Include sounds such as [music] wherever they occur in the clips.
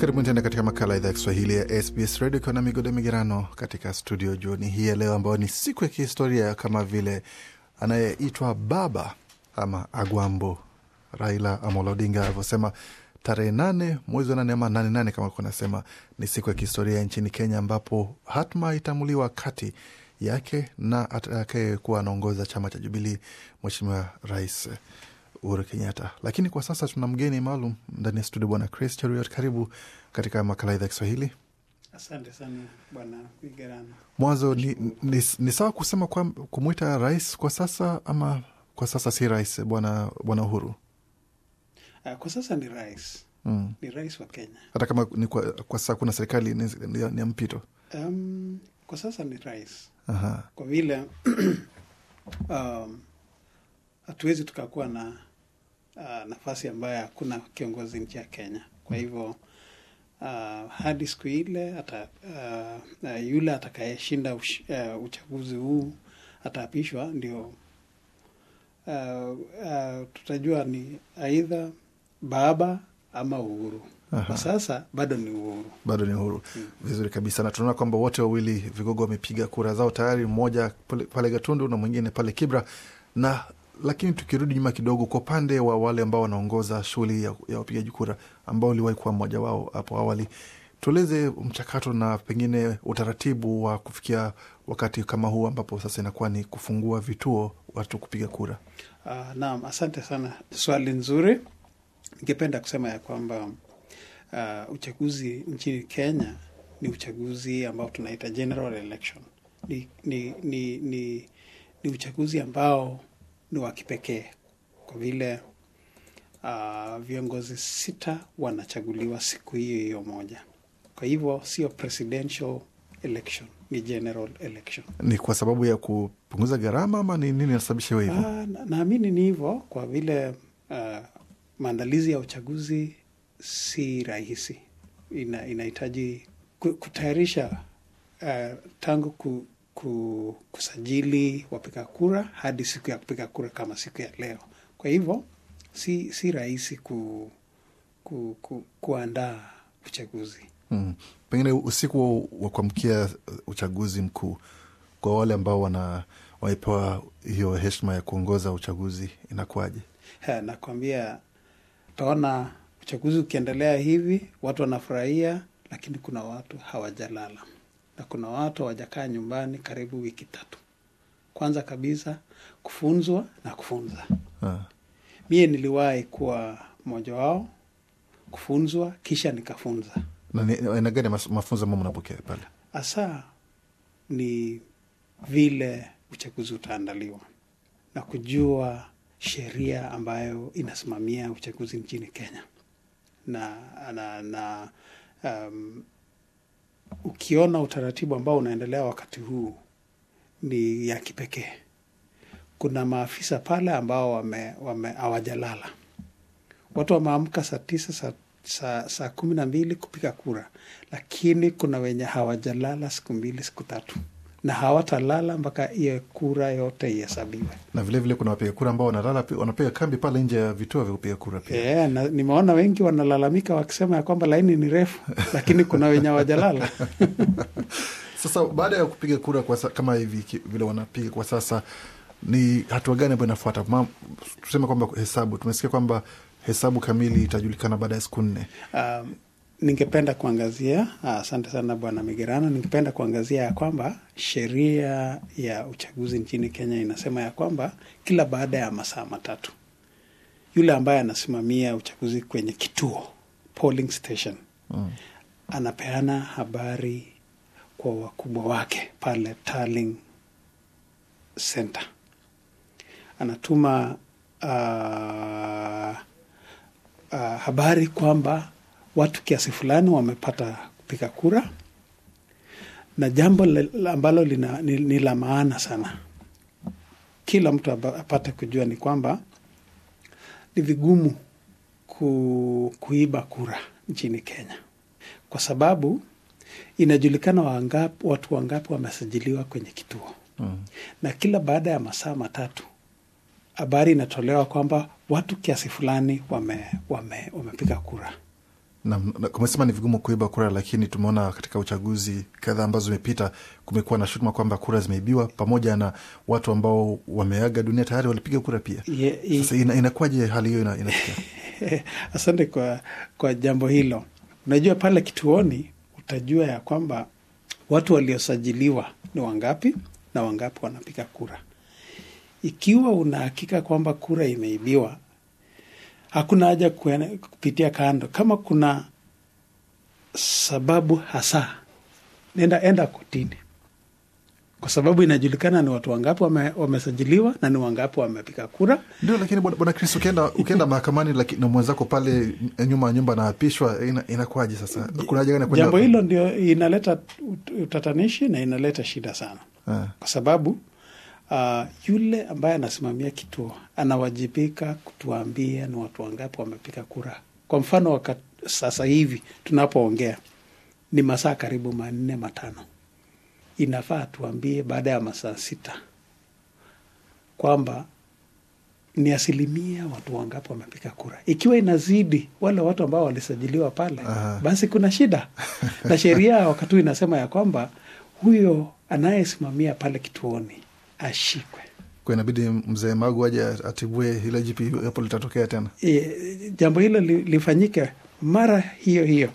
Karibuni tena katika makala idhaa ya Kiswahili ya SBS Radio ikiwa na migodo migerano katika studio jioni hii ya leo, ambayo ni siku ya kihistoria kama vile anayeitwa baba ama Agwambo Raila Amolo Odinga alivyosema tarehe nane mwezi wa nane ama nane nane kama kunasema, ni siku ya kihistoria nchini Kenya ambapo hatma itamuliwa kati yake na atakayekuwa anaongoza chama cha Jubilii, Mheshimiwa Rais Uhuru Kenyatta. Lakini kwa sasa tuna mgeni maalum ndani ya studio, Bwana Chris Cheruiyot, karibu katika makala idhaa ya Kiswahili. Asante sana bwana Migerano. Mwanzo ni, ni, ni sawa kusema kwa, kumwita rais kwa sasa ama kwa sasa si rais bwana bwana Uhuru? Uh, kwa sasa ni rais mm. Ni rais wa Kenya hata kama ni kwa, kwa sasa kuna serikali ni, ni, ni ya mpito um, kwa sasa ni rais Aha. Kwa vile [clears throat] um, hatuwezi um, tukakuwa na uh, nafasi ambayo hakuna kiongozi nchi ya Kenya. Kwa hivyo uh, hadi siku ile ata, uh, uh yule atakayeshinda uh, uchaguzi huu ataapishwa, ndio uh, uh, tutajua ni aidha baba ama Uhuru. Kwa sasa bado ni Uhuru, bado ni Uhuru. Hmm. Vizuri kabisa, na tunaona kwamba wote wawili vigogo wamepiga kura zao tayari, mmoja pale Gatundu na mwingine pale Kibra na lakini tukirudi nyuma kidogo, kwa upande wa wale ambao wanaongoza shughuli ya, ya wapigaji kura ambao uliwahi kuwa mmoja wao hapo awali, tueleze mchakato na pengine utaratibu wa kufikia wakati kama huu ambapo sasa inakuwa ni kufungua vituo watu kupiga kura. Uh, naam, asante sana, swali nzuri. Ningependa kusema ya kwamba uh, uchaguzi nchini Kenya ni uchaguzi ambao tunaita general election. Ni, ni, ni, ni, ni uchaguzi ambao ni wa kipekee kwa vile uh, viongozi sita wanachaguliwa siku hiyo hiyo moja. Kwa hivyo sio presidential election, ni general election. Ni kwa sababu ya kupunguza gharama ama ni nini inasababisha hiyo hivyo? Uh, naamini ni hivyo kwa vile uh, maandalizi ya uchaguzi si rahisi, inahitaji ina kutayarisha uh, tangu ku, kusajili wapiga kura hadi siku ya kupiga kura kama siku ya leo. Kwa hivyo si, si rahisi ku, ku, ku, kuandaa uchaguzi hmm. Pengine usiku wa kuamkia uchaguzi mkuu, kwa wale ambao wana hiyo heshima ya kuongoza uchaguzi inakuwaje? Nakwambia, utaona uchaguzi ukiendelea hivi, watu wanafurahia, lakini kuna watu hawajalala na kuna watu hawajakaa nyumbani karibu wiki tatu. Kwanza kabisa kufunzwa na kufunza. Ah. mie niliwahi kuwa mmoja wao kufunzwa, kisha nikafunza. mafunzo mnapokea pale? Hasa ni vile uchaguzi utaandaliwa na kujua sheria ambayo inasimamia uchaguzi nchini Kenya na, na, na um, ukiona utaratibu ambao unaendelea wakati huu ni ya kipekee. Kuna maafisa pale ambao wame, wame hawajalala, watu wameamka saa tisa saa sa, saa kumi na mbili kupiga kura, lakini kuna wenye hawajalala siku mbili siku tatu na hawatalala mpaka hiyo kura yote ihesabiwe. Na vilevile vile kuna wapiga kura ambao wanalala wanapiga kambi pale nje ya vituo vya kupiga kura pia. Yeah, na nimeona wengi wanalalamika wakisema ya kwamba laini ni refu, [laughs] lakini kuna wenye hawajalala [laughs] Sasa baada ya kupiga kura kwa kama hivi vile wanapiga kwa sasa, ni hatua gani ambayo inafuata? Tuseme kwamba hesabu, tumesikia kwamba hesabu kamili itajulikana baada ya siku nne. um, ningependa kuangazia, ah, asante sana Bwana Migerano, ningependa kuangazia ya kwamba sheria ya uchaguzi nchini Kenya inasema ya kwamba kila baada ya masaa matatu yule ambaye anasimamia uchaguzi kwenye kituo polling station mm. anapeana habari kwa wakubwa wake pale tallying center, anatuma uh, uh, habari kwamba watu kiasi fulani wamepata kupiga kura, na jambo ambalo ni, ni la maana sana kila mtu apate kujua ni kwamba ni vigumu ku, kuiba kura nchini Kenya kwa sababu inajulikana wangap, watu wangapi wamesajiliwa kwenye kituo mm. Na kila baada ya masaa matatu habari inatolewa kwamba watu kiasi fulani wame, wame, wamepiga kura kumesema ni vigumu kuiba kura, lakini tumeona katika uchaguzi kadhaa ambazo zimepita kumekuwa na shutuma kwamba kura zimeibiwa, pamoja na watu ambao wameaga dunia tayari walipiga kura pia. Sasa ina, inakuwaje hali hiyo inafikia? [laughs] Asante kwa, kwa jambo hilo. Unajua pale kituoni utajua ya kwamba watu waliosajiliwa ni wangapi na wangapi wanapiga kura. Ikiwa unahakika kwamba kura imeibiwa hakuna haja kupitia kando. Kama kuna sababu hasa, nenda enda kotini, kwa sababu inajulikana ni watu wangapi wamesajiliwa wame na ni wangapi wamepiga kura. Ndio, lakini bwana Chris, ukienda ukienda mahakamani na mwenzako pale eh, nyuma ya nyumba anaapishwa, inakuwaje? Ina sasa, kuna haja gani Jambo hilo ndio inaleta utatanishi na inaleta shida sana, ha. Ah. kwa sababu uh, yule ambaye anasimamia kituo anawajibika kutuambia ni watu wangapi wamepiga kura. Kwa mfano wakati sasa hivi tunapoongea ni masaa karibu manne matano, inafaa tuambie baada ya masaa sita kwamba ni asilimia watu wangapi wamepiga kura. Ikiwa inazidi wale watu ambao walisajiliwa pale, Aha. basi kuna shida [laughs] na sheria wakati huu inasema ya kwamba huyo anayesimamia pale kituoni ashikwe. Kwa inabidi mzee Magu aje atibue hilo jipi hapo litatokea tena. E, jambo hilo li, lifanyike mara hiyo hiyo.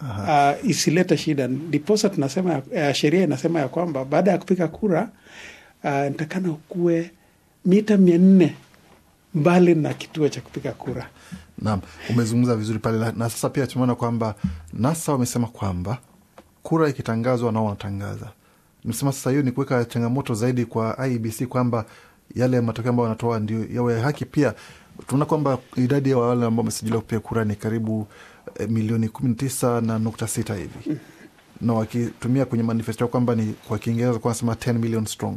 Uh, isilete shida. Ndiposa tunasema uh, sheria inasema ya kwamba baada ya kupiga kura uh, nitakana ukuwe mita mia nne mbali na kituo cha kupiga kura. Naam, umezungumza vizuri pale. Na sasa pia tumeona kwamba NASA wamesema kwamba kura ikitangazwa nao wanatangaza Msema sasa hiyo ni kuweka changamoto zaidi kwa IBC kwamba yale matokeo ambayo wanatoa ndio yawe haki. Pia tunaona kwamba idadi ya wale ambao wamesajiliwa kupiga kura ni karibu eh, milioni kumi na tisa na nukta sita hivi na wakitumia kwenye manifesto yao kwamba ni kwa Kiingereza wanasema 10 million strong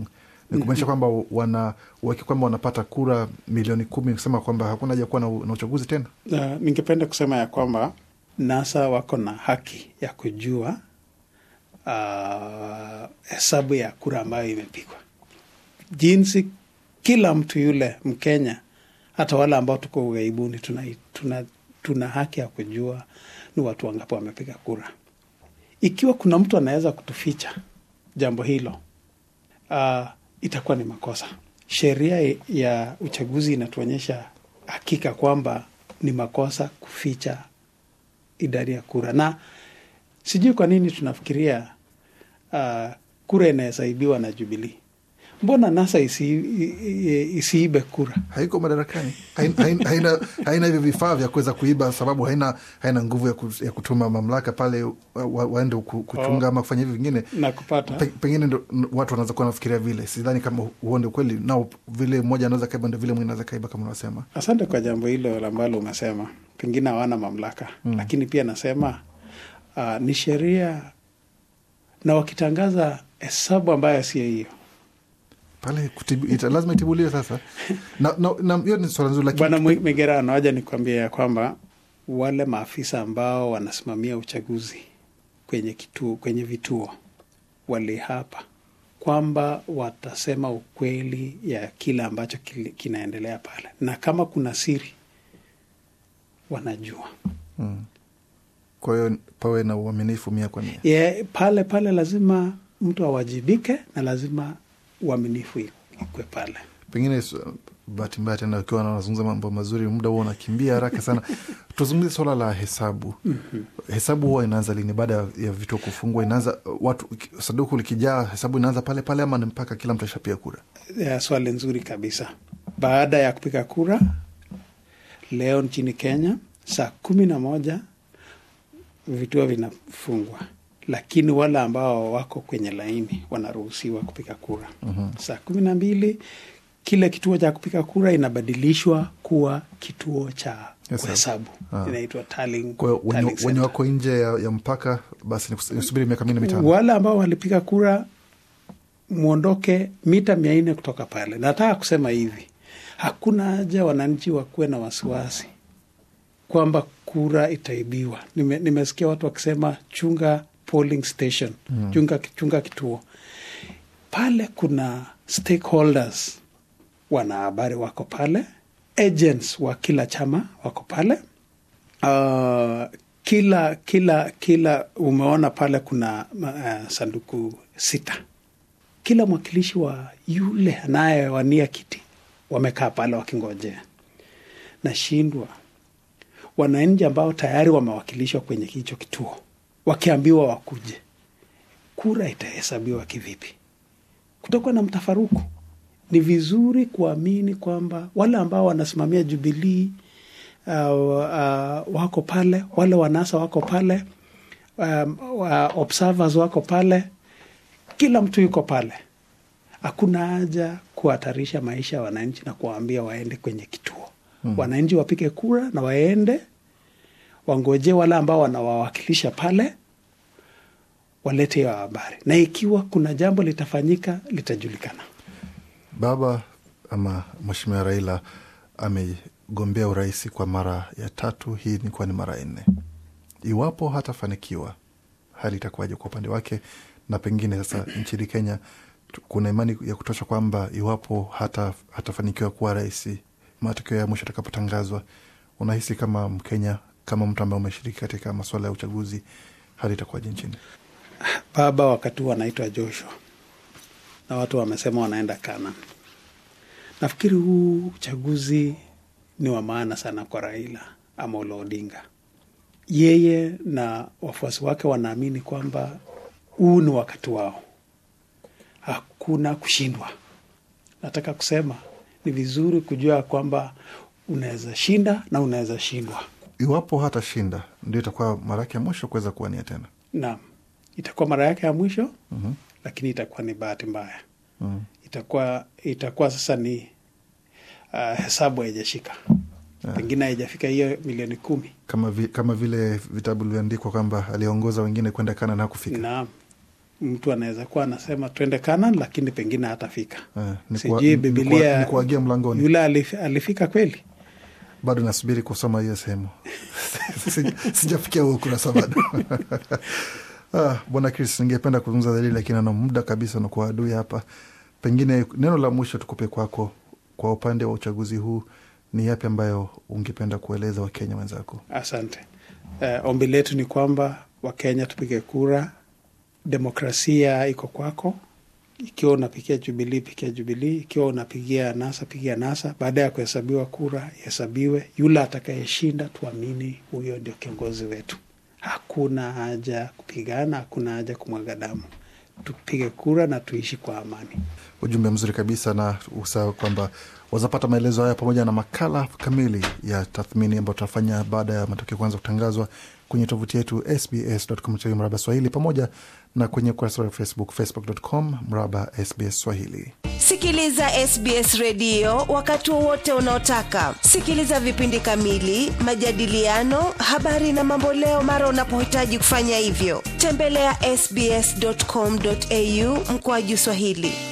ni kumaanisha kwamba wana uhakika kwamba wanapata kura milioni kumi, kusema kwamba hakuna haja kuwa na, na uchaguzi tena. Uh, ningependa kusema ya kwamba NASA wako na haki ya kujua Ah, hesabu uh, ya kura ambayo imepigwa, jinsi kila mtu yule Mkenya, hata wale ambao tuko ughaibuni, tuna, tuna, tuna haki ya kujua ni watu wangapo wamepiga kura. Ikiwa kuna mtu anaweza kutuficha jambo hilo, uh, itakuwa ni makosa. Sheria ya uchaguzi inatuonyesha hakika kwamba ni makosa kuficha idadi ya kura na Sijui kwa nini tunafikiria uh, kura inayosaidiwa na Jubilii. Mbona NASA isiibe isi, isi kura? Haiko madarakani, haina hivyo vifaa vya kuweza kuiba, sababu haina haina nguvu ya, ku, ya kutuma mamlaka pale wa, waende kuchunga oh, ama kufanya hivyo vingine na kupata pe, pengine ndo watu wanaweza kuwa nafikiria vile. Sidhani kama huonde ukweli nao, vile mmoja anaweza kaiba ndo vile mwingine anaweza kaiba, kama unasema. Asante kwa jambo hilo ambalo umesema, pengine hawana mamlaka mm, lakini pia nasema uh, ni sheria na wakitangaza hesabu ambayo sio hiyo pale kutibu, ita, lazima itibuliwe sasa. Hiyo ni swala nzuri, lakini Bwana anawaja ni kuambia ya kwamba wale maafisa ambao wanasimamia uchaguzi kwenye kituo, kwenye vituo walihapa kwamba watasema ukweli ya kile ambacho kinaendelea pale, na kama kuna siri wanajua mm. Kwa hiyo pawe na uaminifu mia kwa mia. Yeah, pale pale lazima mtu awajibike na lazima uaminifu ikwe pale. Pengine bahatimbaya tena, ukiwa nazungumza mambo mazuri, muda huo unakimbia haraka sana. [laughs] Tuzungumzie swala la hesabu. Mhm. Hesabu huwa inaanza lini? Baada ya vituo kufungwa, inaanza watu saduku likijaa, hesabu inaanza pale pale ama ni mpaka kila mtu ashapia kura? yeah, swali nzuri kabisa. Baada ya kupiga kura leo nchini Kenya saa kumi na moja vituo vinafungwa, lakini wale ambao wako kwenye laini wanaruhusiwa kupiga kura mm-hmm. saa kumi na mbili kile kituo cha kupiga kura inabadilishwa kuwa kituo cha kuhesabu yes, ah. inaitwa tallying. Kwa hiyo wenye wako nje ya, ya mpaka basi nisubiri miaka minne mitano, wale ambao walipiga kura mwondoke mita mia nne kutoka pale. Nataka kusema hivi, hakuna haja wananchi wakuwe na wasiwasi kwamba kura itaibiwa. Nime, nimesikia watu wakisema chunga polling station, mm. chunga, chunga kituo pale. Kuna stakeholders, wanahabari wako pale, agents wa kila chama wako pale uh, kila kila kila umeona pale kuna uh, sanduku sita. Kila mwakilishi wa yule anayewania kiti wamekaa pale wakingojea, nashindwa wananchi ambao tayari wamewakilishwa kwenye hicho kituo, wakiambiwa wakuje, kura itahesabiwa kivipi? Kutakuwa na mtafaruku. Ni vizuri kuamini kwamba wale ambao wanasimamia Jubilii uh, uh, wako pale, wale wanasa wako pale, um, uh, observers wako pale, kila mtu yuko pale. Hakuna haja kuhatarisha maisha ya wananchi na kuwaambia waende kwenye kituo mm. wananchi wapige kura na waende wangojee wale ambao wanawawakilisha pale walete hiyo habari, na ikiwa kuna jambo litafanyika litajulikana. Baba ama Mheshimiwa Raila amegombea urahisi kwa mara ya tatu, hii ni kuwa ni mara ya nne. Iwapo hatafanikiwa, hali itakuwaje kwa upande wake? Na pengine sasa [clears throat] nchini Kenya kuna imani ya kutosha kwamba iwapo hata hatafanikiwa kuwa rahisi matokeo ya mwisho atakapotangazwa, unahisi kama Mkenya, kama mtu ambaye umeshiriki katika masuala ya uchaguzi, hali itakuwaje nchini? Baba wakati huu anaitwa Joshua na watu wamesema wanaenda Kana. Nafikiri huu uchaguzi ni wa maana sana kwa Raila ama Odinga. Yeye na wafuasi wake wanaamini kwamba huu ni wakati wao, hakuna kushindwa. Nataka kusema ni vizuri kujua kwamba unaweza shinda na unaweza shindwa. Iwapo hata shinda, ndio itakuwa mara yake ya mwisho kuweza kuwania tena. Naam, itakuwa mara yake ya mwisho mm -hmm. Lakini itakuwa ni bahati mbaya mm -hmm. Itakuwa itakuwa sasa ni uh, hesabu haijashika yeah. Pengine haijafika hiyo milioni kumi kama, vi, kama vile vitabu vilivyoandikwa kwamba aliongoza wengine kwenda Kana na kufika. Naam mtu anaweza kuwa anasema twende Kanan, lakini pengine hatafika. Eh, Sijui Bibilia yule alif, alifika kweli? Bado nasubiri kusoma hiyo sehemu [laughs] sijafikia huo ukurasa bado. [laughs] Ah, Bwana Chris, ningependa kuzungumza zaidi, lakini ana muda kabisa na kwa adui hapa. Pengine neno la mwisho tukupe kwako, kwa upande wa uchaguzi huu, ni yapi ambayo ungependa kueleza wakenya wenzako? Asante. Eh, ombi letu ni kwamba wakenya tupige kura demokrasia iko kwako. Ikiwa unapigia Jubilii, pigia Jubilii. Ikiwa unapigia NASA, pigia NASA. Baada ya kuhesabiwa kura, ihesabiwe. Yule atakayeshinda, tuamini huyo ndio kiongozi wetu. Hakuna haja kupigana, hakuna haja kumwaga damu. Tupige kura na tuishi kwa amani. Ujumbe mzuri kabisa, na usahau kwamba wazapata maelezo haya pamoja na makala kamili ya tathmini ambayo tutafanya baada ya matokeo kuanza kutangazwa kwenye tovuti yetu sbs mraba Swahili, pamoja na kwenye ukurasa wa Facebook, facebook.com mraba SBS Swahili. Sikiliza SBS redio wakati wowote unaotaka. Sikiliza vipindi kamili, majadiliano, habari na mamboleo mara unapohitaji kufanya hivyo. Tembelea ya sbs.com.au mkoaju Swahili.